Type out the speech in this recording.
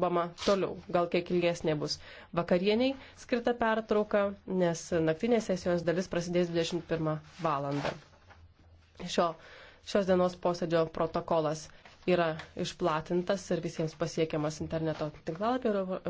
dirbama toliau, gal kiek ilgesnė bus. Vakarieniai skirta pertrauka, nes naktinės sesijos dalis prasidės 21 valandą. Šio, šios dienos posėdžio protokolas yra išplatintas ir visiems pasiekiamas interneto tinklalapio